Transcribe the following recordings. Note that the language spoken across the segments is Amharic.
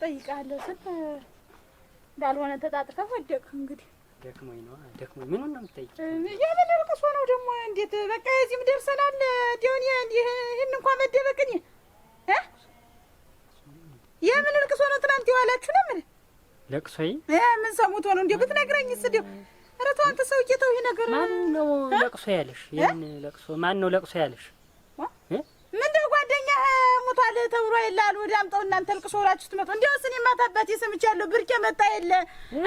እጠይቅሃለሁ ስል እንዳልሆነ ተጣጥፈህ ወደቅ። እንግዲህ ደክሞኝ ነው ደክሞኝ። ምኑን ነው የምትጠይቅ? የምን እርቅሶ ነው ደግሞ? እንዴት በቃ የዚህም ደርሰናል። ዲሆን ይህን እንኳ መደበቅኝ የምን ልቅሶ ነው? ትናንት የዋላችሁ ለምን ለቅሶይ ምን ሰሙት ሆነው እንዲሁ ብትነግረኝ ስ እንዲሁ ኧረ ተው አንተ ሰውዬ ተው። ይህ ነገር ማን ነው ለቅሶ ያለሽ? ይህን ለቅሶ ማን ነው ለቅሶ ያለሽ? ሞቷል ተብሎ የላል ወደ አምጠው እናንተ ልቅሶ እላችሁ ስትመጡ እንዲያውስ እኔማ ታባቴ ሰምቻለሁ። ብርቄ መጣ የለ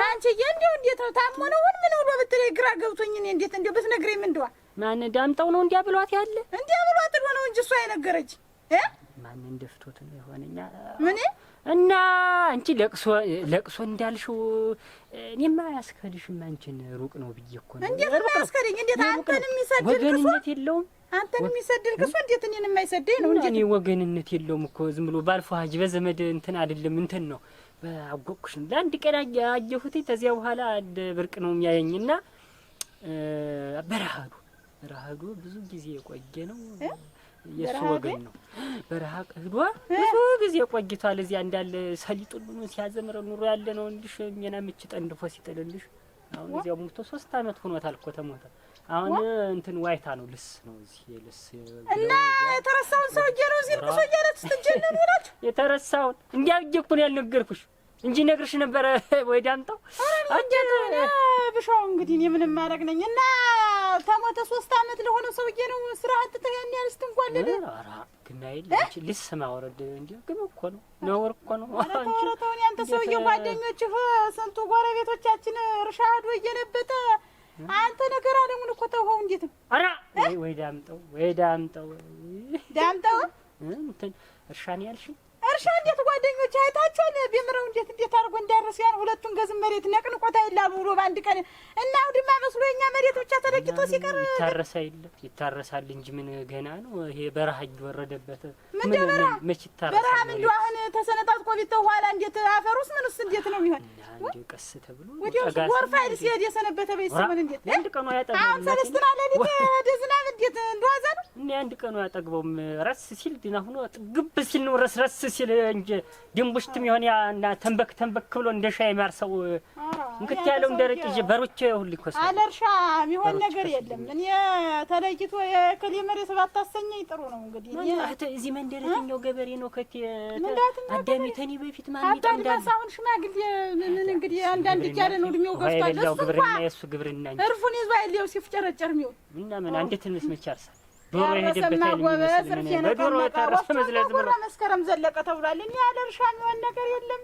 አንቺዬ፣ እንዲያው እንዴት ነው ታሞ ነው ውን ምን ብሎ ብትለኝ ግራ ገብቶኝ እኔ እንዴት እንዲያው ብትነግሪኝ ምን እንደዋ ማን ዳምጠው ነው እንዲያ ብሏት ያለ እንዲያ ብሏት ነው እንጂ እሷ አይነገረች እ ማን እንደፍቶት ነው የሆነኛ ምን እና አንቺ ለቅሶ ለቅሶ እንዳልሽው እኔማ አያስከድሽም። አንቺን ሩቅ ነው ብዬ እኮ ነው እንዴት ነው ያስከድኝ? እንዴት አንተንም ይሰድል ወገንነት የለውም አንተን የሚሰድል ክሱ እንዴት እኔን የማይሰደኝ ነው እንዴ? እኔ ወገንነት የለውም እኮ ዝም ብሎ ባልፎ ሀጅ በዘመድ እንትን አይደለም እንትን ነው አጎቅሽ ነው። ለአንድ ቀን አየሁት። ተዚያ በኋላ እንደ ብርቅ ነው የሚያየኝ ና በረሃዱ በረሃዱ ብዙ ጊዜ የቆየ ነው የእሱ ወገን ነው። በረሃ ቀህዷ ብዙ ጊዜ ቆይቷል። እዚያ እንዳለ ሰሊጡን ሲያዘምረ ኑሮ ያለ ነው እንዲሽ እኛና ምች ጠንድፎ ሲጥልልሽ አሁን እዚያ ሙቶ ሶስት አመት ሆኖታል እኮ ተሞተ አሁን እንትን ዋይታ ነው ልስ ነው እዚህ የልስ እና የተረሳውን ሰውዬ ነው እዚህ ልቅሶ እያለ ስትጀነኑ ናችሁ። የተረሳውን እንዲያ ብዬሽ እኮ ነው ያልነገርኩሽ እንጂ ነግርሽ ነበረ ወይ ዳምጠው ብሻው። እንግዲህ እኔ ምንም ማድረግ ነኝ እና ተሞተ ሶስት አመት ለሆነ ሰውዬ ነው ስራ አጥተህ ያን ያህል ስትንጓለል። ኧረ ግን አይደል ልስ ማውረድ እንጂ ግን እኮ ነው ነውር እኮ ነው። ኧረ ተወው ተወው። ሰውዬ ጓደኞችህ ስንቱ ጎረቤቶቻችን እርሻ ሄዶ እየለበጠ አንተ ነገር አለሙን እኮ ተውኸው። እንዴት ነው? ኧረ ወይ ዳምጠው ወይ ዳምጠው ዳምጠው እንትን እርሻ ነው ያልሽኝ? እርሻ እንዴት ጓደኞች አይታችኋል? ቢምረው እንዴት እንዴት አድርጎ እንዳረስ ያን ሁለቱን ገዝም መሬት ነቅንቆታ ይላ ብሎ በአንድ ቀን እና አውድማ የእኛ መሬት ብቻ ተለቅቶ ሲቀር ይታረሳ የለም ይታረሳል እንጂ ምን ገና ነው ይሄ በረሃ እየወረደበት ምን መች ይታረሳል? በረሃም እንዲሁ አሁን ተሰነጣጥቆ ቢተው ኋላ እንዴት አፈሩስ ምኑስ እንዴት ነው የሚሆን? እንዲሁ ቀስ ተብሎ ወዲያው ጎርፍ ሲሄድ የሰነበተ በይስ ምን እንዴት አንድ ቀኑ ያጠግበው አሁን ሰለስት ማለት ዝናብ እንዴት እንደዋዛ ነው እና አንድ ቀኑ ያጠግበውም ረስ ሲል ድና ሆኖ ጥግብ ሲል ነው ረስ ረስ ሲል እንጂ ድንቡሽትም ይሆን ያ ተንበክ ተንበክ ብሎ እንደ ሻይ ማርሰው እንክት ያለው እንደረጭ በሮቼ ሁሉ ይኮሳል አለርሽ የሚሆን ነገር የለም። እኔ ተለይቶ የክል መሬት ባታሰኘኝ ጥሩ ነው። እንግዲህ እዚህ መንደር የትኛው ገበሬ ነው ከት አዳሚ ተኔ በፊት ማለት ሽማግሌ ምን እንግዲህ አንዳንድ እያለ ነው እድሜው ገፍቷል። እሱ ግብርና እርፉን ይዞ አይሌው ሲፍጨረጨር የሚውል እና ምን አንድ ትንሽ አርሳል ዶሮ የሄደበት ጎበዝ ርፌ ነው መስከረም ዘለቀ ተብሏል። እኔ ያለ እርሻ የሚሆን ነገር የለም።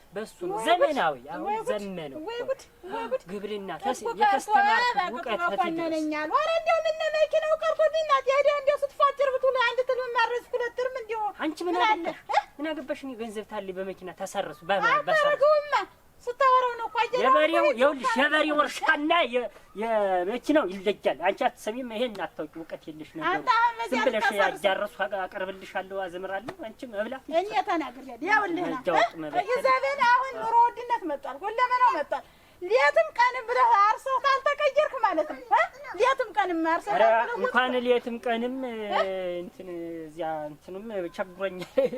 በሱ ነው ዘመናዊ። አሁን ወይ ዘመነው ግብርና የተስተማርኩት እውቀት ፈትኛል። ኧረ እንደው ምን መኪናው ቀርቶ እናቴ ሄደህ እንደው ስትፋጭር ላይ አንድ ትልም ማረስ ሁለት ትርም እንደው አንቺ ምን አለ ምን አገባሽ? ገንዘብ ታለኝ በመኪና ተሰረሱ ተሰርሱ ባባ ባባ ስታወራው ነው እኮ አየህ። የበሬው ይኸውልሽ፣ የበሬው እርሻና የመኪናው ይለያል። አንቺ አትሰሚም፣ ይሄን አታውቂ፣ እውቀት የለሽ ነገር ዝም ብለሽ ያዳረሱ አቀርብልሻለሁ፣ አዝምራለሁ። አንቺም መብላት እኔ ተናግሬያለሁ። ይኸውልህ፣ ኢዛቤል አሁን ኑሮ ውድነት መጧል፣ ሁለመናው መጧል። ሌትም ቀንም ብለህ አርሰህ ካልተቀየርክ ማለት ነው። ሌትም ቀንም አርሰህ እንኳን ሌትም ቀንም እንትን እዚያ እንትንም ቸግሮኛል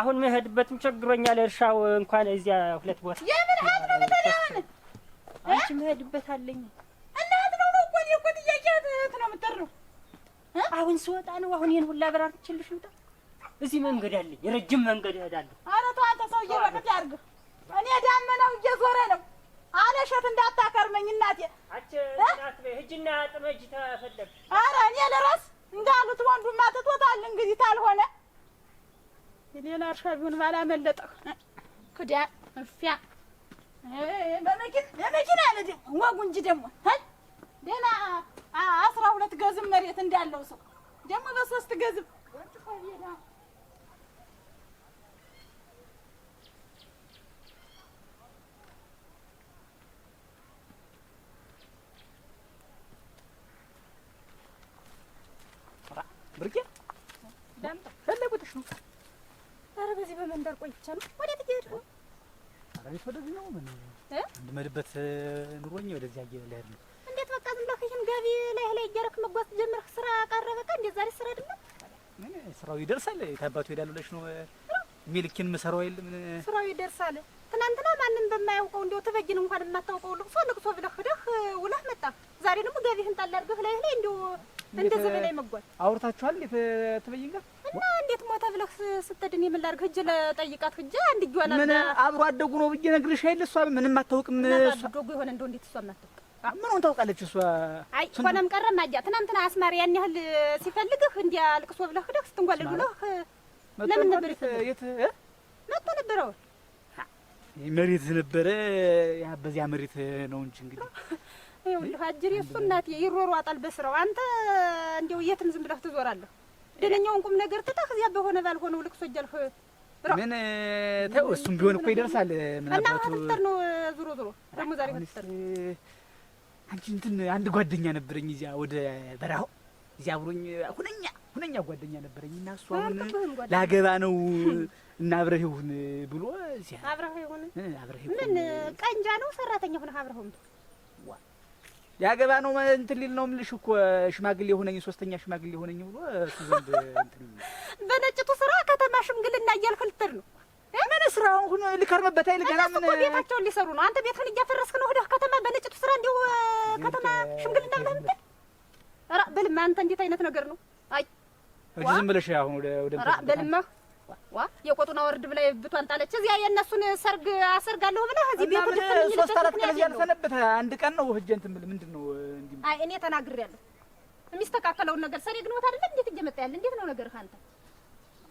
አሁን መሄድበትም ቸግሮኛል። እርሻው እንኳን እዚያ ሁለት ቦታ የምን ነው አሁን አንቺ መሄድበት አለኝ እና ነው ነው እኮ እኔ እኮ ጥያቄ ነው አሁን ስወጣ ነው። አሁን ይህን ሁላ አብራርቼልሽ ልውጣ። እዚህ መንገድ አለኝ፣ ረጅም መንገድ እሄዳለሁ። ኧረ ተው አንተ ሰውዬ በቅጥ ያርግ። እኔ ዳመናው እየዞረ ነው አለ እሸት እንዳታከርመኝ እናቴ። ህጅና ጥመጅ ተፈለግሽ። ኧረ እኔ ልረስ እንዳሉት ወንዱማ ትቶታል እንግዲህ ታልሆነ የሌላ እርሻ ቢሆን ባላመለጠህ ክዳ እፊያ በመኪና በመኪና ያለ ወጉ እንጂ ደግሞ ደህና አስራ ሁለት ገዝም መሬት እንዳለው ሰው ደግሞ በሶስት ገዝም ኮይ ብቻ ነው። ወዴት እየሄድኩ ነው? ኧረ ወደዚህ ነው። ምን እንድመድበት ኑሮኝ ወደዚህ አየ ልሄድ ነው። እንዴት በቃ ዝም ብለህ ይህን ገቢ ላይ ላይ እያደረክ መጓዝ ጀምረህ ስራ ቀረ በቃ። እንዴት ዛሬ ስራ አይደለም ምን ስራው ይደርሳል። ከአባቱ ሄዳለሁ ብለሽ ነው ሚልኪን ምሰራው የለም ስራው ይደርሳል። ትናንትና ማንም በማያውቀው እንደው ተበጅን እንኳን የማታውቀው ልቅሶ ልቅሶ ብለህ ሄደህ ውለህ መጣ። ዛሬ ደግሞ ገቢህን ጣል አድርገህ ላይ ላይ እንደው እንደዚህ በላይ መጓዝ አውርታችኋል። እንዴት ጋር እንዴት ሞተ ብለህ ስትድን እኔ ምን ላድርግ? ሂጅ ለጠይቃት ሂጅ። አንድ ጊዜ ምን አብሮ አደጉ ነው ብዬ ነግርሽ አይደል? እሷ ምንም አታውቅም። እሷ አደጉ የሆነ እንደው እንዴት እሷ አታውቅም? ምኑን ታውቃለች እሷ? አይ ሆነም ቀረም አጃ ትናንትና አስማሪ ያን ያህል ሲፈልግህ እንዲያ አልቅሶ ብለህ ሂደህ ስትንጓለል ብለህ ለምን ነበር የት መጥቶ ነበር? አሁን መሬት ነበረ ያ በዚያ መሬት ነው እንጂ እንግዲህ ይኸውልህ አጅሬ እሱ እናቴ ይሮሯጣል በስራው። አንተ እንደው የትም ዝም ብለህ ትዞራለህ። ደለኛውን ቁም ነገር ትተህ እዚያ በሆነ ባልሆነው ልቅሶ እያልህ ምን ተው። እሱም ቢሆን እኮ ይደርሳል። ምን አባቱ ነው ዞሮ ዞሮ ደግሞ ዛሬ አንቺ እንትን አንድ ጓደኛ ነበረኝ እዚያ ወደ በረሃው እዚያ አብሮኝ ሁነኛ ሁነኛ ጓደኛ ነበረኝ እና እሱ አሁን ላገባ ነው እና አብረህ ይሁን ብሎ እዚያ አብረህ ይሁን አብረህ ይሁን ምን ቀንጃ ነው ሰራተኛ ሁነህ አብረህ ይሁን ያገባ ነው እንትን ሊል ነው የምልሽ እኮ ሽማግሌ የሆነኝ ሶስተኛ ሽማግሌ የሆነኝ ብሎ እሱ ዘንድ እንትን በነጭቱ ስራ ከተማ ሽምግልና እያልክ ልትር ነው ምን ስራውን ሁኖ ልከርምበት አይል ገና ምን ቤታቸውን ሊሰሩ ነው። አንተ ቤትህን እያፈረስክ ነው ሄደህ ከተማ በነጭቱ ስራ እንዲሁ ከተማ ሽምግልና ብለህ ምትል ራ በልማ አንተ እንዴት አይነት ነገር ነው? አይ ዝም ብለሽ አሁን ወደ ወደ ራ በልማ የቆጡን አወርድ ብላ ብቷን ጣለች። እዚያ የእነሱን ሰርግ አሰርጋለሁ ብለህ እዚህ ቤቱ ሶስት አራት ቀን እዚያ ልሰነብት አንድ ቀን ነው ህጀ እንትን የምልህ ምንድን ነው? አይ እኔ ተናግሬያለሁ። የሚስተካከለውን ነገር ሰኔ ግንቦት አይደለም እንዴት እየመጣ ያለ እንዴት ነው ነገር ከአንተ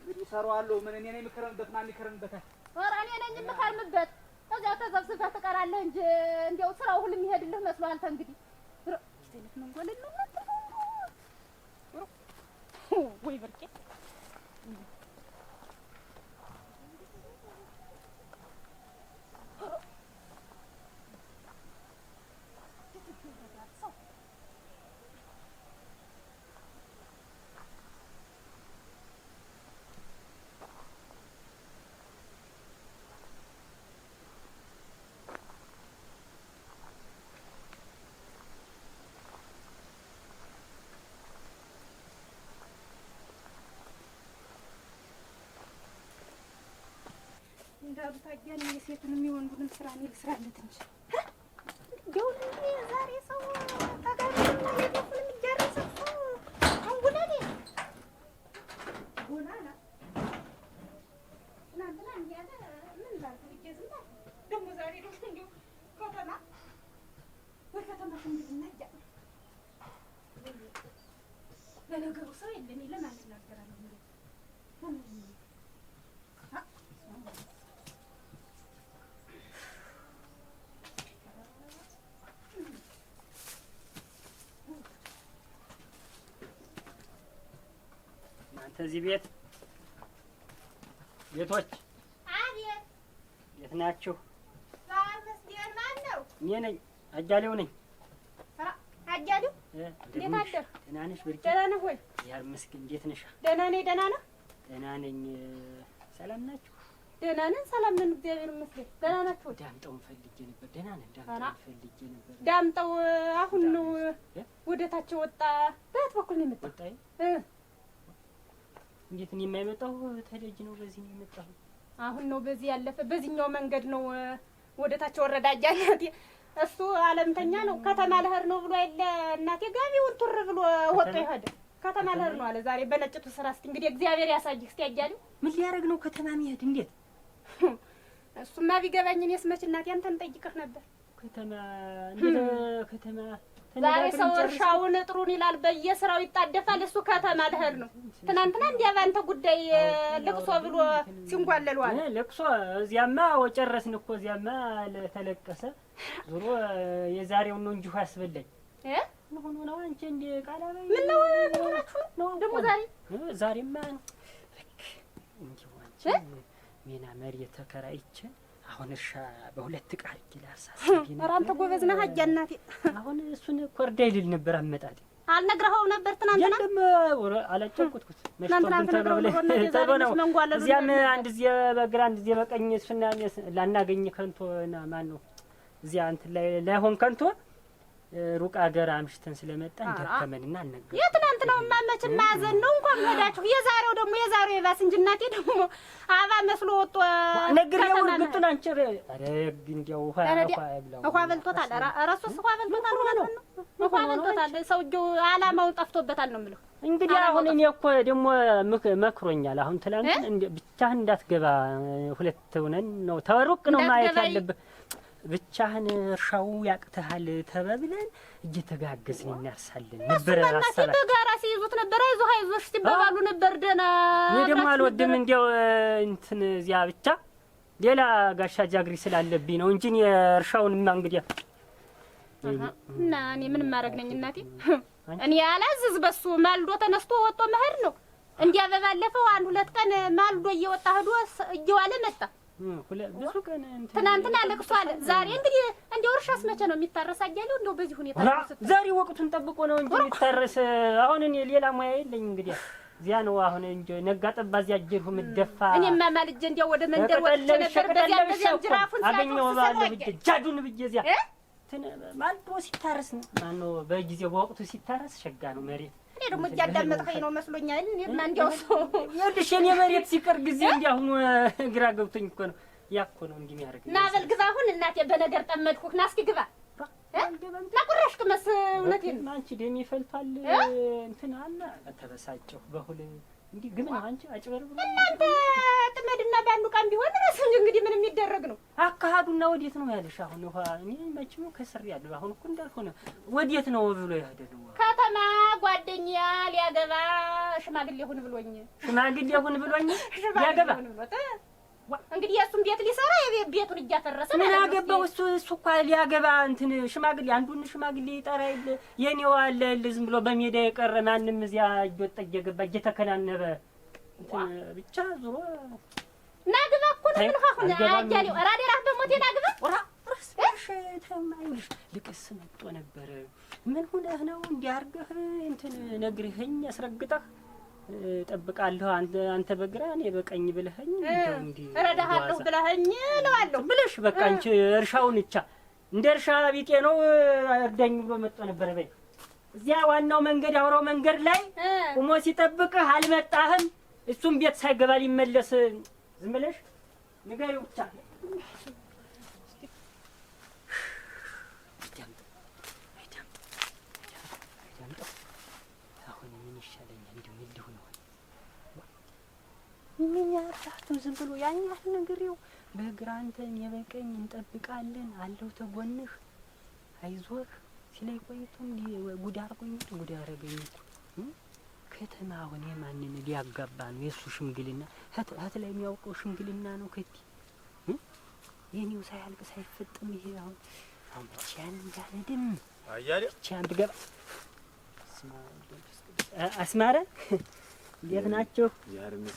እንግዲህ ሰሯዋለሁ። ምን እኔ ነኝ የምከረምበት? ማን ይከረምበታል? ኧረ እኔ ነኝ የምከርምበት። እዚያ ተዘብዝበህ ትቀራለህ እንጂ እንዲያው ስራው ሁሉ የሚሄድልህ መስሎህ አንተ እንግዲህ ነው ወይ ብርቄ ያሉት አሉታያን የሴቱንም የወንዱንም ስራ እኔ ልስራለት እንጂ ተዚህ ቤት ቤቶች የት ናችሁ? እኔ ነኝ አጃሌው ነኝ። አጃሌው ደህና እንዴት ነሽ? ደህና ነኝ። ደህና ነህ? ደህና ነኝ። ሰላም ናችሁ? ደህና ነን፣ ሰላም ነን፣ እግዚአብሔር ይመስገን። ደህና ናችሁ? ዳምጠውን ፈልጌ ነበር። ደህና ነን፣ ዳምጠውን ፈልጌ ነበር። ዳምጠው አሁን ነው ወደታቸው ወጣ። በየት በኩል ነው የመጣው? እንዴት ነው የማይመጣው ተደጅ ነው። በዚህ ነው የመጣሁ። አሁን ነው በዚህ ያለፈ በዚህኛው መንገድ ነው ወደ ታች ወረዳ እያናቴ እሱ አለምተኛ ነው። ከተማ ልሄድ ነው ብሎ የለ እናቴ ጋቢውን ቱር ብሎ ወጥቶ ይሄድ ከተማ ልሄድ ነው አለ። ዛሬ በነጭቱ ስራ እስቲ እንግዲህ እግዚአብሔር ያሳይህ። እስቲ ያያልኝ ምን ሊያደርግ ነው ከተማ የሚሄድ? እንዴት እሱማ ቢገባኝ እኔስ መች እናቴ አንተን ጠይቅህ ነበር ከተማ እንደ ከተማ ዛሬ ሰው እርሻውን እጥሩን ይላል፣ በየስራው ይጣደፋል። እሱ ከተማ ልሄድ ነው። ትናንትና እንዲያ ባንተ ጉዳይ ልቅሶ ብሎ ሲንጓለሏል። ልቅሶ እዚያማ ወጨረስን እኮ እዚያማ ለተለቀሰ ዞሮ የዛሬው ነው እንጂ ያስበለኝ ሆኖ ነው። አንቺ እንዲ ቃላ ምነው ትሆናችሁ ደግሞ ዛሬ ዛሬማ ሜና መሬት ተከራይቼ አሁን እሺ፣ በሁለት ዕቃ አድርጌ አንተ ጎበዝ ነህ። አያ እናቴ፣ አሁን እሱን ኮርዳ ይልል ነበር አመጣጤ። አልነግረኸው ነበር ትናንትና? የለም አላጫወትኩት። እዚያም አንድ ጊዜ በግራ አንድ ጊዜ በቀኝ እሱና ላናገኝ ከንቶ ማን ነው እዚያ እንትን ላይ ላይሆን ከንቶ ሩቅ ሀገር አምሽተን ስለመጣ እንዳከመንና አልነገርኩ የትናንትናው ማመች ማዘን ነው። እንኳን ወዳችሁ የዛሬው ደግሞ የዛሬው የባስ እንጂ እናቴ ደግሞ አባ መስሎ ወጥቶ ነገር ነው። እርግጡን አንቺ ረግ እንዲያው ውሃ ውሃ በልቶታል። እረሱስ ውሃ በልቶታል ማለት ነው። ውሃ በልቶታል። ሰውዬው አላማውን ጠፍቶበታል ነው የምልህ። እንግዲህ አሁን እኔ እኮ ደግሞ መክሮኛል። አሁን ትላንት ብቻህን እንዳትገባ ሁለት ሆነን ነው ተወሩቅ ነው ማየት ያለብህ ብቻህን እርሻው ያቅተሃል ተባብለን እየተጋገዝን እናርሳለን ነበረ። ራሳላ በጋራ ሲይዙት ነበር። አይዞህ አይዞሽ ሲባባሉ ነበር። ደህና እኔ ደግሞ አልወድም እንዲያው እንትን እዚያ ብቻ ሌላ ጋሻ ጃግሪ ስላለብኝ ነው እንጂ የእርሻውንማ እንግዲህ እና እኔ ምን ማድረግ ነኝ እናቴ? እኔ አላዝዝ በሱ ማልዶ ተነስቶ ወጦ መሄድ ነው። እንዲያ በባለፈው አንድ ሁለት ቀን ማልዶ እየወጣ ሄዶ እየዋለ መጣ። ብዙ ቀን ትናንትና ለቅሶ አለ። ዛሬ እንግዲህ እንደው እርሻስ መቼ ነው የሚታረስ? አያሌው እንደው በዚህ ሁኔታ ዛሬ ወቅቱን ጠብቆ ነው እንጂ የሚታረስ። አሁን እኔ ሌላ ሙያ የለኝ እንግዲህ እዚያ ነው አሁን እንጂ ነጋ ጠባ እዚያ እጀልሁ የምደፋ እኔማ ማልጄ እንዲያው ወደ መንደር ወጥቼ ነበር። በዚያ በዚያ ጅራፉን አገኘው ባለ ብዬ ጃዱን ብዬ እዚያ ማልዶ ሲታረስ ነው ማነው በጊዜው በወቅቱ ሲታረስ ሸጋ ነው መሬት ደግሞ እያዳመጥኸኝ ነው መስሎኛል። እና እንዲያው ሰው ይኸውልሽ፣ የእኔ መሬት ሲቀር ጊዜ ግራ ገብቶኝ እኮ ነው። ያ እኮ ነው እንዲህ የሚያደርግ እና በል ግዛ አሁን። እናቴ በነገር ጠመድኩህ። ና እስኪ ግባ ቁራሽ ቅመስ። እውነቴን ነው አንቺ እንትን አለ ተበሳጨሁ በሁለት እንዲህ ግን አንቺ አጭበርብሩ እናንተ ጥመድና በአንዱ ቀን ቢሆን ራሱ እንግዲህ ምን የሚደረግ ነው? አካሃዱና ወዴት ነው ያለሽ? አሁን እኔ መቼም ከስር ያለው አሁን እኮ እንዳልሆነ ወዴት ነው ብሎ ያደለው ከተማ ጓደኛ ሊያገባ ሽማግሌ ሁን ብሎኝ ሽማግሌ ሁን ብሎኝ ያገባ እንግዲህ የእሱም ቤት ሊሰራ የቤቱን እያፈረሰ ምን አገባው እሱ እሱ እኮ ሊያገባ እንትን ሽማግሌ አንዱን ሽማግሌ ይጠራ የለ የኔው አለ የለ ዝም ብሎ በሜዳ የቀረ ማንም እዚያ እየወጣ እየገባ እየተከናነበ ብቻ ዙሮ ናግባ እኮ ነው ምን ሆነ አያሌው ራዴራ በሞቴ ናግባ ግባ ራ ልሽ ልቅስ መጦ ነበር ምን ሁነህ ነው እንዲያርገህ እንትን ነግርህኝ አስረግጠህ እጠብቃለሁ አንተ በግራ እኔ በቀኝ ብለኸኝ እረዳሃለሁ ብለኸኝ እለዋለሁ ብለሽ በቃ አንቺ እርሻውን እቻ እንደ እርሻ ቢጤ ነው እርዳኝ ብሎ መጥቶ ነበር። በይ እዚያ ዋናው መንገድ አውራው መንገድ ላይ ቁሞ ሲጠብቅህ አልመጣህም። እሱም ቤት ሳይገባ ሊመለስ ዝም ብለሽ ንገሪው ብቻ ይሻለኛል። እንደው የለሁ ይሆን ምንኛ አባቱ ዝም ብሎ ያን ያህል ነግሬው በግራ አንተን የበቀኝ እንጠብቃለን አለው ተጎንህ አይዞህ ሲለኝ ቆይቶ ጉድ አርጎኝ ጉድ አረገኝ እኮ ከተማ አሁን የማንን ሊያጋባ ነው? የእሱ ሽምግልና እህት ላይ የሚያውቀው ሽምግልና ነው። ከቲ የኔው ሳያልቅ ሳይፈጥም ይሄ አሁን አሁን ብቻ እንዳልድም አያሌ ብቻ አንድ ገባ አስማረ እንዴት ናችሁ?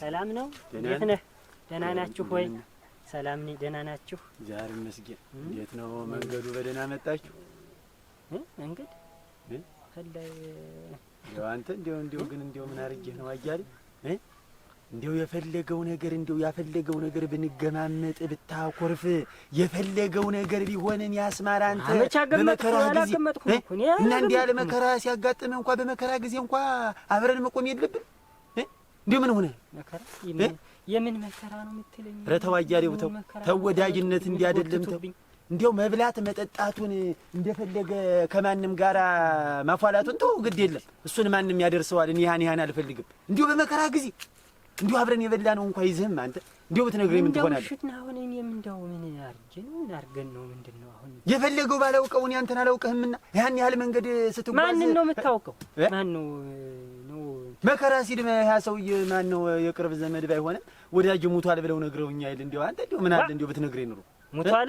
ሰላም ነው? እንዴት ነህ? ደህና ናችሁ ወይ? ሰላም ነኝ። ደህና ናችሁ? ዛሬ መስጊድ እንዴት ነው መንገዱ? በደህና መጣችሁ? እንግዲህ ፈለ አንተ እንዲያው እንዲያው ግን እንዲያው ምን አድርጌ ነው አያሌ እንዲው የፈለገው ነገር እንዲው ያፈለገው ነገር ብንገማመጥ ብታኮርፍ የፈለገው ነገር ቢሆንን ያስማር። አንተ በመከራህ ጊዜ እና እንዲህ ያለ መከራ ሲያጋጥም እንኳ በመከራ ጊዜ እንኳ አብረን መቆም የለብን። እንዲሁ ምን ሆነ የምን መከራ ነው የምትለኝ? ኧረ ተው አያሌው ተው ተወዳጅነት እንዲያደለም ተው እንዲያው መብላት መጠጣቱን እንደፈለገ ከማንም ጋር ማፏላቱን ተው፣ ግድ የለም እሱን ማንም ያደርሰዋል። እኔ ያህን ያህን አልፈልግም እንዲሁ በመከራ ጊዜ እንዲሁ አብረን የበላ ነው እንኳ ይዝህም አንተ እንዲሁ ብትነግረኝ ምን ትሆናለህ? ሽት አሁን እኔም እንደው ምን አርጄ ነው ምን አርገን ነው ምንድን ነው አሁን የፈለገው ባላውቀው እኔ አንተን አላውቅህምና ያን ያህል መንገድ ስትጓዝ ማንን ነው የምታውቀው? ማን ነው ነው መከራ ሲድመ ያ ሰውዬ ማን ነው? የቅርብ ዘመድ ባይሆንም ወዳጅ ሙቷል ብለው ነግረውኛል። እንዲሁ አንተ እንዲሁ ምን አለ እንዲሁ ብትነግረኝ ኑሮ ሙቷል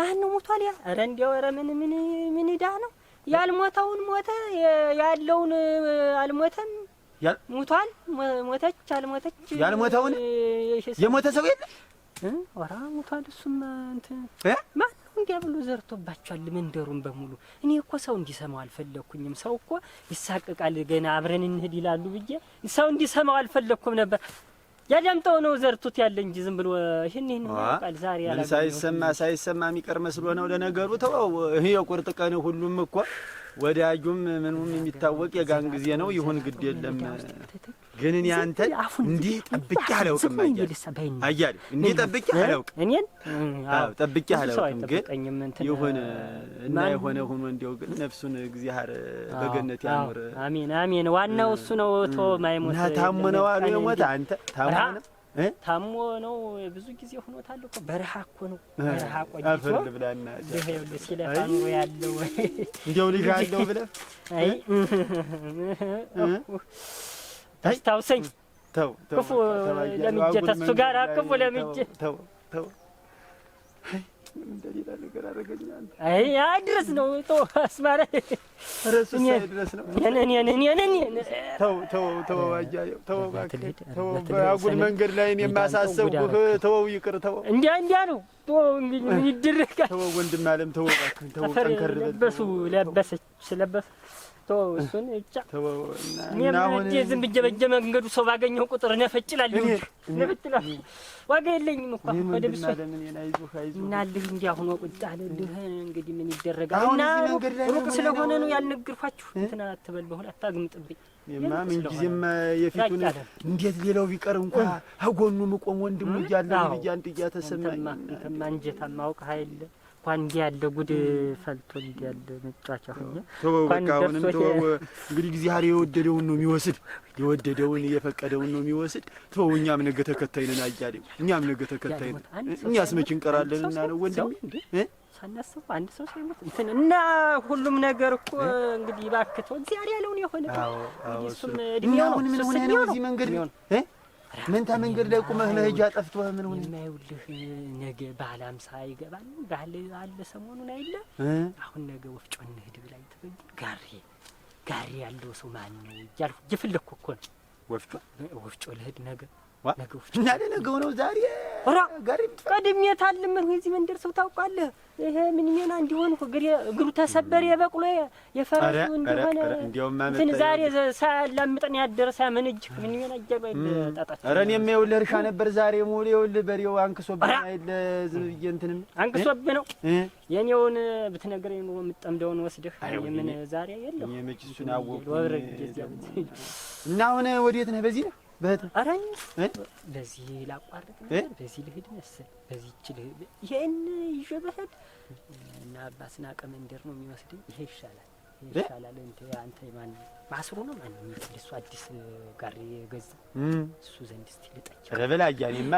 ማን ነው ሞቷል? ያ ኧረ እንዲያው ኧረ ምን ምን ምን ዳ ነው ያልሞተውን ሞተ ያለውን አልሞተም ሙቷል ሞተች አልሞተች ያልሞተውን የሞተ ሰው የለ ወራ ሙቷል እሱማ እንትን ማን እንዲያ ብሎ ዘርቶባቸዋል መንደሩን በሙሉ። እኔ እኮ ሰው እንዲሰማው አልፈለግኩኝም። ሰው እኮ ይሳቀቃል። ገና አብረን እንሂድ ይላሉ ብዬ ሰው እንዲሰማው አልፈለግኩም ነበር። ያዳምጠው ነው ዘርቱት ያለ እንጂ ዝም ብሎ ይህን ይህን ቃል ዛሬ ያላ ሳይሰማ ሳይሰማ የሚቀር መስሎ ነው። ለነገሩ ተው ይሄ የቁርጥ ቀን ሁሉም እኮ ወዳጁም ምኑም የሚታወቅ የጋን ጊዜ ነው። ይሁን ግድ የለም ግን እኔ አንተ እንዲህ ጠብቄ አላውቅም። አያሌው እንዲህ ጠብቄ አላውቅም። እኔን አዎ ጠብቄ አላውቅም። ግን ይሁን እና የሆነ ሆኖ እንዲያው ግን ነፍሱን እግዚአብሔር በገነት ያኖር። አሜን አሜን። ዋናው እሱ ነው። ቶ ማይሞት እና ታሞ ነው አሉ የሞተ አንተ ታሞ ነው ታሞ ነው። ብዙ ጊዜ ሆኖታል እኮ በረሃ እኮ ነው። በረሃ ቆይቶ አፈል ብላና ይሄው ሲለፋ ኑሮ ያለው እንዲያው ልጅ አለው ብለህ አስታውሰኝ። ክፉ ለምጄ ተሱ ጋር ክፉ ለምጄ እንደሌላ ነገር አደረገኝ። አይ አድረስ ነው አስማራ ድረስ ነው። ተው ተው ተው፣ አያሌው ተው፣ ተው። በአጉል መንገድ ላይ የማሳሰብህ ተው፣ ይቅር ተው። እንዲያ እንዲያ ነው እንግዲህ ምን ይደረጋል? ተው ወንድም አለም ተው፣ እባክህን ተው፣ ጠንከር በል። ለበሱ ለበሰች ለበሰ ተወው እሱን ብቻ ተወው። እና እኔ ዝም ብዬ በየ መንገዱ ሰው ባገኘው ቁጥር ነፈጭላል ነፈጭላል። ዋጋ የለኝም እኮ ወደ ብሶ እና ልህ እንዲህ አሁን ወቁጣ ልህ እንግዲህ ምን ይደረጋል። እና ሩቅ ስለሆነ ነው ያልነገርኳችሁ። እንትና አትበል በሁለት አታግምጥብኝ። እኔማ ምን የፊቱን እንዴት ሌላው ቢቀር እንኳ ከጎኑ ምቆም ወንድሙ እያለ ብያ እንድያ ተሰማኝ። አንጀታማ አውቀህ አይደል እንኳን እንዲህ ያለ ጉድ ፈልቶ እንዲህ ያለ መጫወቻ ሁኜ እንግዲህ ጊዜ የወደደውን ነው የሚወስድ፣ የወደደውን የፈቀደውን ነው የሚወስድ። ተወው፣ እኛም ነገ ተከታይ ነን። አያሌው፣ እኛም ነገ ተከታይ ነን። እኛስ መች እንቀራለን? እና ነው ወንድሜ ሳናስቡ አንድ ሰው ሳይሞት እንትን እና ሁሉም ነገር እኮ እንግዲህ ባክቶ እግዚአብሔር ያለውን የሆነ እሱም እድሜው ነው። ምን ሆነ ነው እዚህ መንገድ እ ምን ተመንገድ ላይ ቁመህ ነው ሂጅ አጠፍቶህ ምን ሆነ? የማይውልህ ነገ ባህል አምሳ ይገባል። ባህል አለ ሰሞኑን አይለ አሁን ነገ ወፍጮ እንሂድ ብላኝ ትበል ጋሪ ጋሪ ያለው ሰው ማን ነው እያልኩ እየፈለኩ እኮ ነው። ወፍጮ ወፍጮ ልሂድ ነገ ነገ ወፍጮ እና ነገው ነው ዛሬ ቀድሜ ታልመህ እዚህ መንደር ሰው ታውቃለህ። ይሄ ምን ሜና እንዲሆን እግሩ ተሰበር የበቅሎ የፈረሱ እንደሆነ ዛሬ ሳላምጠን ያደረሰ ምን እጅ ምን ሜና እያሉ አይጠጣት። ኧረ እኔማ ይኸውልህ እርሻ ነበር ዛሬ ሙሉ። ይኸውልህ በሬው አንክሶብህ አይደለ ዝም ብዬ እንትንም አንክሶብህ ነው። የኔውን ብትነግረኝ ነው የምጠምደውን ወስደህ የምን ዛሬ የለውም። እኔ መች እና አሁን ወዴት ነህ? በዚህ ነህ በዚህ ላቋርጥ በዚህ ልሂድ መሰል በዚህ ይችል ይሄን ይዤ በሄድ እና አባስናቀ መንደር ነው የሚወስደኝ። ይሄ ይሻላል ይሻላል። አንተ ማን ማስሩ ነው ማን የሚል እሱ አዲስ ጋር የገዛ እሱ ዘንድ እስቲ ልጠይቅ። ኧረ በላ እያኔማ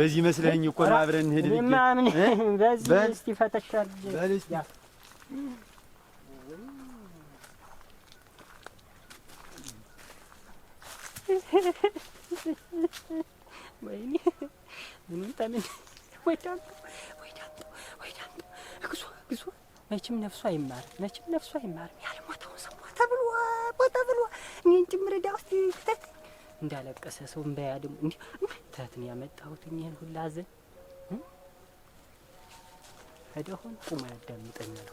በዚህ መስለኝ እኮ ነው አብረን እንሂድ ብዬሽ በዚህ እስቲ ፈተሻል ወይኔ ምን ተምን ወይ ዳምጦ ወይ ዳምጦ ወይ ዳምጦ እግዚኦ እግዚኦ መቼም ነፍሱ አይማር መቼም ነፍሱ አይማር ያለ ሰው ሞተ ብሎ ሞተ ብሎ እኔን ጭምር ዕዳ ውስጥ ክተት እንዳለቀሰ ሰው እምበያ ደግሞ እንዲ ተትን ያመጣሁት እኚህን ሁላ አዘን ሄደሆን ቁማ ያዳምጠኛል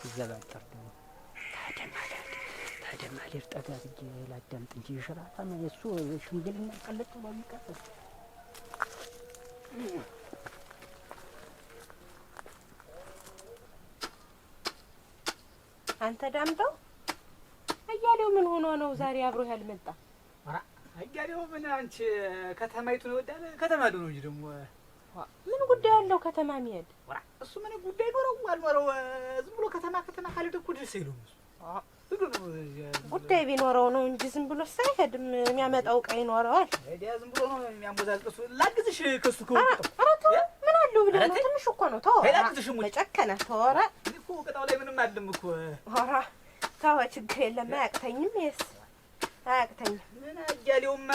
ሲዘባጠር ደግሞ ታደማዳል ወደ ጠጋ ብዬ ላዳምጥ እንጂ ነው የእሱ ሽምግልና ቀለጥ ብሎ አንተ ዳምጠው እያሌው ምን ሆኖ ነው ዛሬ አብሮ ያልመጣ? ኧረ እያሌው ምን አንቺ ከተማይቱን ይወዳል ከተማ ነው እንጂ ደግሞ ምን ጉዳይ አለው ከተማ የሚሄድ? እሱ ምን ጉዳይ ኖረው አልኖረው ዝም ብሎ ከተማ ከተማ ካልሄደ እኮ ደስ አይለውም እሱ ጉዳይ ቢኖረው ነው እንጂ ዝም ብሎ ሳይሄድም የሚያመጣው ዕቃ ይኖረዋል። ዝም ብሎ ነው የሚያንጎዛልቅሱ። ላግዝሽ ከሱ ምን አለው ብለህ ነው? ትንሽ እኮ ነው። ተወው፣ መጨከነ ተወራ። ቅጣው ላይ ምንም አለም እኮ ኧረ ተወው፣ ችግር የለም አያቅተኝም። የስ አያቅተኝም። ምን አያሌውማ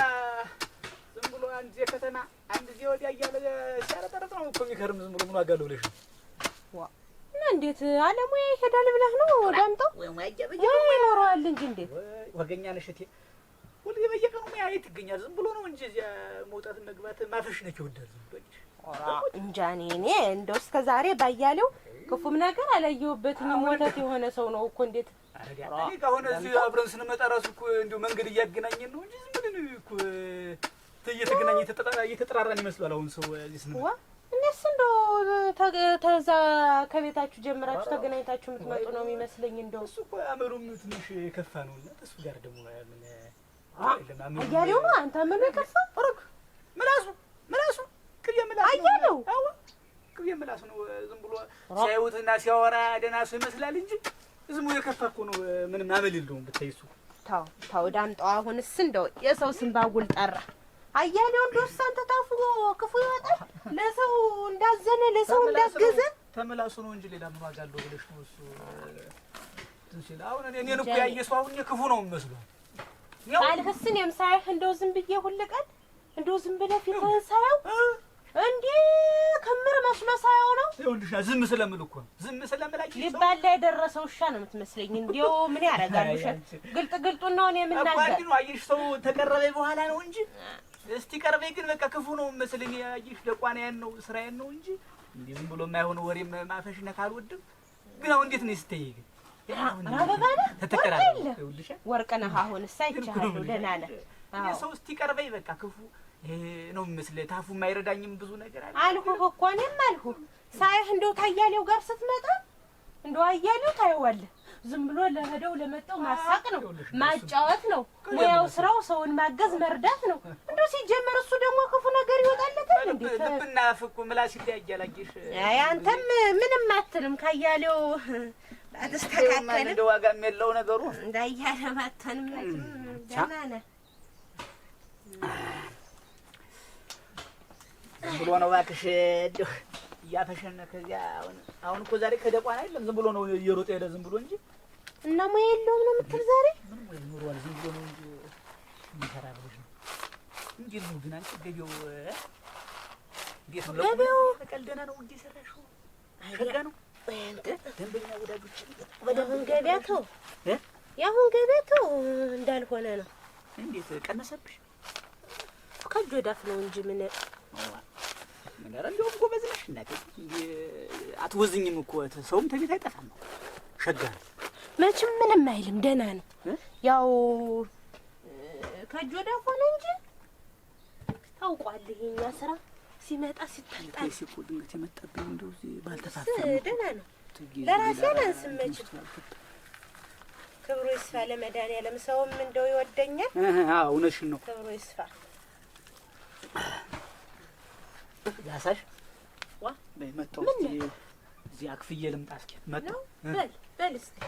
ዝም ብሎ አንድ ከተማ አንድ ወዲያ እያለ ሲያረጠረጥ ነው እኮ የሚከርም። ዝም ብሎ ምን አጋለው ብለሽ ነው እንዴት አለሙያ ይሄዳል ብለህ ነው? ዳምጠው ሙያ ይኖረዋል እንጂ እንዴት ወገኛ ነሽ እቴ። ሁሌ በየቀኑ ሙያ የት ይገኛል? ዝም ብሎ ነው እንጂ እዚያ መውጣት መግባት ማፈሽ ነች ይወዳል። ዝም እንጃ እኔ እኔ እንደው እስከ ዛሬ ባያሌው ክፉም ነገር አላየሁበትም። ወተት የሆነ ሰው ነው እኮ እንዴት ከሆነ እዚህ አብረን ስንመጣ ራሱ እኮ እንዲሁ መንገድ እያገናኘን ነው እንጂ ዝም ብለን እኮ እየተገናኘ እየተጠራራን ይመስላል። አሁን ሰው እዚህ ስንመጣ እኔስ እንደው ተዛ ከቤታችሁ ጀምራችሁ ተገናኝታችሁ የምትመጡ ነው የሚመስለኝ። እንደው እሱ እኮ አመሉም ትንሽ የከፋ ነው እና እሱ ጋር ደግሞ አያሌው ነው። አንተ አመሉ የከፋ ሩክ ምላሱ ምላሱ ቅቤ ምላሱ አያሌው አዎ ቅቤ ምላሱ ነው። ዝም ብሎ ሲያዩትና ሲያወራ ደህና ሰው ይመስላል እንጂ ዝም ብሎ የከፋ እኮ ነው። ምንም አመል የለውም ብታይ እሱ ታው ታው ዳምጠው አሁንስ እንደው የሰው ስም ባጉል ጠራ አያሌው እንደው እሱ አንተ ታፉ ክፉ ይወጣል ለሰው እንዳዘነ ለሰው እንዳገዘ ተመላሱ ነው እንጂ ሌላ ምን ዋጋ አለው ብለሽ ነው እሱ ትንሽል አሁን እኔ እኔን እኮ ያየ ሰው አሁን ክፉ ነው የሚመስለው ባልክስ እኔም እንደው ዝም ብዬ ቀን እንደው ዝም ብለህ ፊትህን ሳየው እንዴ ክምር መስሎ ሳየው ነው ይኸውልሽ ዝም ስለምል እኮ ዝም ስለምል አይ ሊባል ላይ የደረሰው ውሻ ነው የምትመስለኝ እንዴው ምን ያደርጋል ውሸት ግልጥ ግልጡ ነው እኔ የምናገር አባዲ ነው አየሽ ሰው ተቀረበ በኋላ ነው እንጂ እስቲ ቀርበኝ ግን በቃ ክፉ ነው መስልኝ። ያይሽ ለቋንያን ነው ስራዬን ነው እንጂ እንዲህም ብሎ የማይሆን ወሬ ማፈሽ ነህ ካልወድም ግን አሁን እንዴት ነው ስትይ ግን ወርቅ ነህ አሁን ሳይቻለሁ ደህና ነህ ሰው እስቲ ቀርበኝ በቃ ክፉ ነው ታፉ የማይረዳኝም ብዙ ነገር አለ እኮ እኔም ሳይህ እንደው ታያሌው ጋር ስትመጣ እንደው አያሌው ታየዋለህ ዝም ብሎ ለሄደው ለመጣው ማሳቅ ነው፣ ማጫወት ነው። ሙያው ስራው ሰውን ማገዝ መርዳት ነው። እንደው ሲጀመር እሱ ደግሞ ክፉ ነገር ይወጣለታል። ልብና ፍቁ ምላስ ይለያያላጊሽ። አይ አንተም ምንም አትልም። ካያሌው ባትስተካከልም እንደ ዋጋም የለው ነገሩ እንዳያለ ማተንም ደህና ነህ ብሎ ነው እባክሽ እያፈሸነ ከዚያ አሁን አሁን እኮ ዛሬ ከደቋን አይደለም ዝም ብሎ ነው እየሮጠ ሄደ ዝም ብሎ እንጂ እና ሙያ የለውም ነው የምትል ዛሬ ወደምን ገበያ ተው፣ የአሁን ገበያ ተው እንዳልሆነ ነው። እንዴት ቀነሰብሽ? ከእጅ ወዳፍ ነው እንጂ ምን እንደውም ጎበዝ ነሽ እናቴ። አትወዝኝም እኮ ሰውም ተቤት አይጠፋም ነው ሸጋ ነው መቼም ምንም አይልም፣ ደህና ነው። ያው ከእጅ ወደ አፍ ሆነ እንጂ ታውቋል። የእኛ ስራ ሲመጣ ሲታጣል። ድንገት የመጣብኝ እንደው ባልተፋተም ደህና ነው። ለራሴ አላንስም መቼም ክብሩ ይስፋ ለመድኃኒዓለም። ሰውም እንደው ይወደኛል። እውነትሽን ነው። ክብሩ ይስፋ ላሳሽ ዋ መጣሁ። እዚህ አክፍዬ ልምጣ። እስኪ መጣሁ በል እስኪ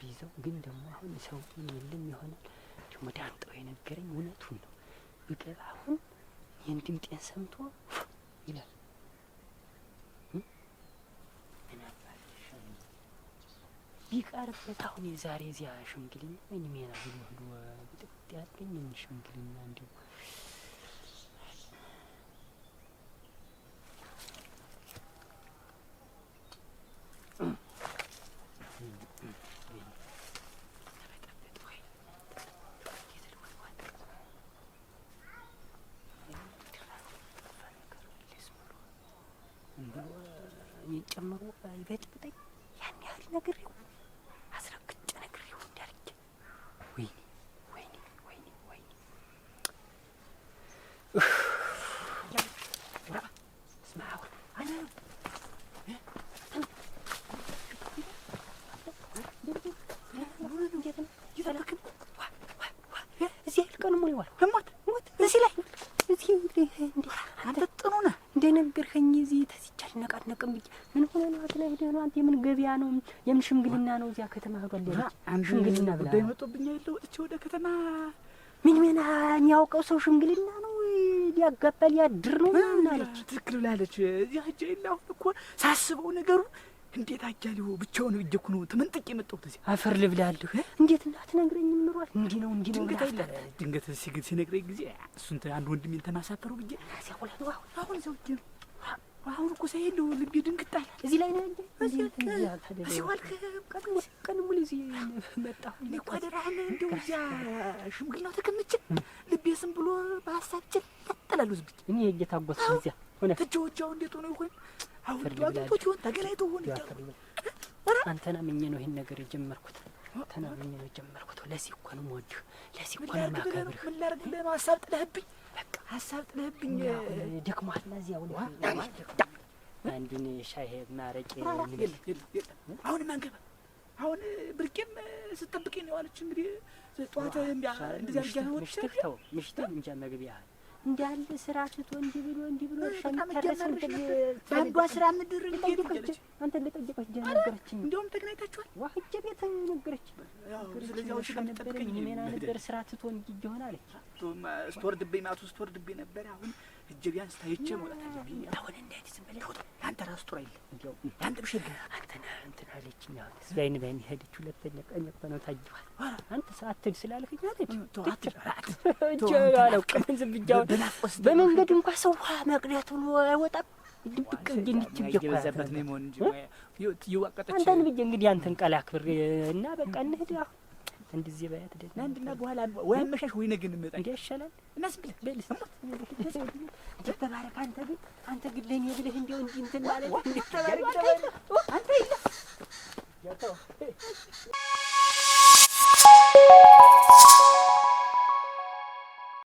ቢይዘው ግን ደግሞ አሁን ሰው ምን የለም ይሆናል። ደግሞ ዳምጠው የነገረኝ እውነቱን ነው። እገብ አሁን ድምጤን ሰምቶ ይላል ቢቀርበት አሁን የዛሬ እዚያ ሽምግልና ወይም ሜላ ብሎ ህዶ ቢጥቅጥ ያለኝ ሽምግልና እንዲሁ ሌላ ነው የምን ሽምግልና ነው? እዚያ ከተማ ሄዷል። ሽምግልና ብላ ይመጡብኛ የለው ወጥቼ ወደ ከተማ ምን ምን የሚያውቀው ሰው ሽምግልና ነው ሊያጋባ ሊያድር ነው ምን ትክክል ብላለች። እዚያ ሂጅ የለ አሁን እኮ ሳስበው ነገሩ እንዴት አጃሊው ብቻውን እጅ እኮ ነው ተመንጥቄ የመጣሁት እዚህ አፈር ልብላለሁ። እንዴት እናት ነግረኝ ምሯል እንዲህ ነው እንዲህ ነው ድንገት ሲግድ ሲነግረኝ ጊዜ እሱን አንድ ወንድሜን ተማሳፈሩ ብዬ ሁለት አሁን ዘውጅ ነው አሁን እኮ ሳይሄድ ልቤ ድንግጥ እዚህ ላይ ነው እንጂ እዚህ ዋልክ ቀን ሙሉ እዚህ መጣሁ። እኔ እኮ አደራህን እንደው እዚያ ሽምግልናው ተቀምጬ ልቤ ስም ብሎ በሀሳብ ጭል ጠላሉ ዝብት እኔ እየታጎስኩ እዚያ ሆነ ትጆዎች አሁን እንዴት ሆነው ይሆን አሁን አግኝቶት ይሆን ተገላይቶ ሆን ይሆን አንተና ምኜ ነው ይህን ነገር የጀመርኩት ተናምኜ ነው የጀመርኩት። ለዚህ እኮ ነው የምወድህ፣ ለዚህ እኮ ነው የማከብርህ። ምን ላደርግልህ ነው ሀሳብ ጥለህብኝ ሀሳብ ጥለህብኝ ደክሟል። እዚያው አንዱን ሻይ ማረቄ አሁን ማንገባ አሁን ብርቄም ስጠብቅ ነው ያለች። እንግዲህ ጠዋት እንደዚያ ምሽት እንጃ መግቢያ እንዳለ ስራ ትቶ እንዲህ ብሎ እንዲህ ብሎ ሸሚተረስን ስራ ምድር ልጠይቀች አንተ ልጠይቀች እንዲሁም ተገናኝታችኋል ቤት ነገረች። ስራ ትቶ እንዲህ አለች። ማቱ ነበር አሁን እጀ ቢያንስ ታይቼ መውጣት አለብኝ። አሁን እንዴት ዝም ብለህ አንተ ራሱ ጥሩ አይደለም። እንዲያው አንተ ብሸግ አንተና እንትን አለችኝ። አሁን እዚህ ባይን ባይን ሄደች። ሁለተኛ ቀን እኮ ነው ታጅኋል። አንተ ሰዓት ስላልከኝ አለች። እጀ አላውቅም። ዝም ብዬሽ በመንገድ እንኳ ሰው መቅዳት አይወጣም። ድብቅ ብዬ እንድትብዬ ይወቀጠች አንተን ብዬ እንግዲህ አንተን ቀላክብሬ እና በቃ እንሂድ አሁን እንደዚህ ባያት ደህና አንድና በኋላ ወይ አመሻሽ ወይ ነገ እንመጣ እንዴ ይሻላል። ብለህ በልስ ተባረክ። አንተ ግን አንተ ግን ለኔ ብለህ እንደው እንዲህ እንትን ማለት ተባረክ አንተ ይለ ያታው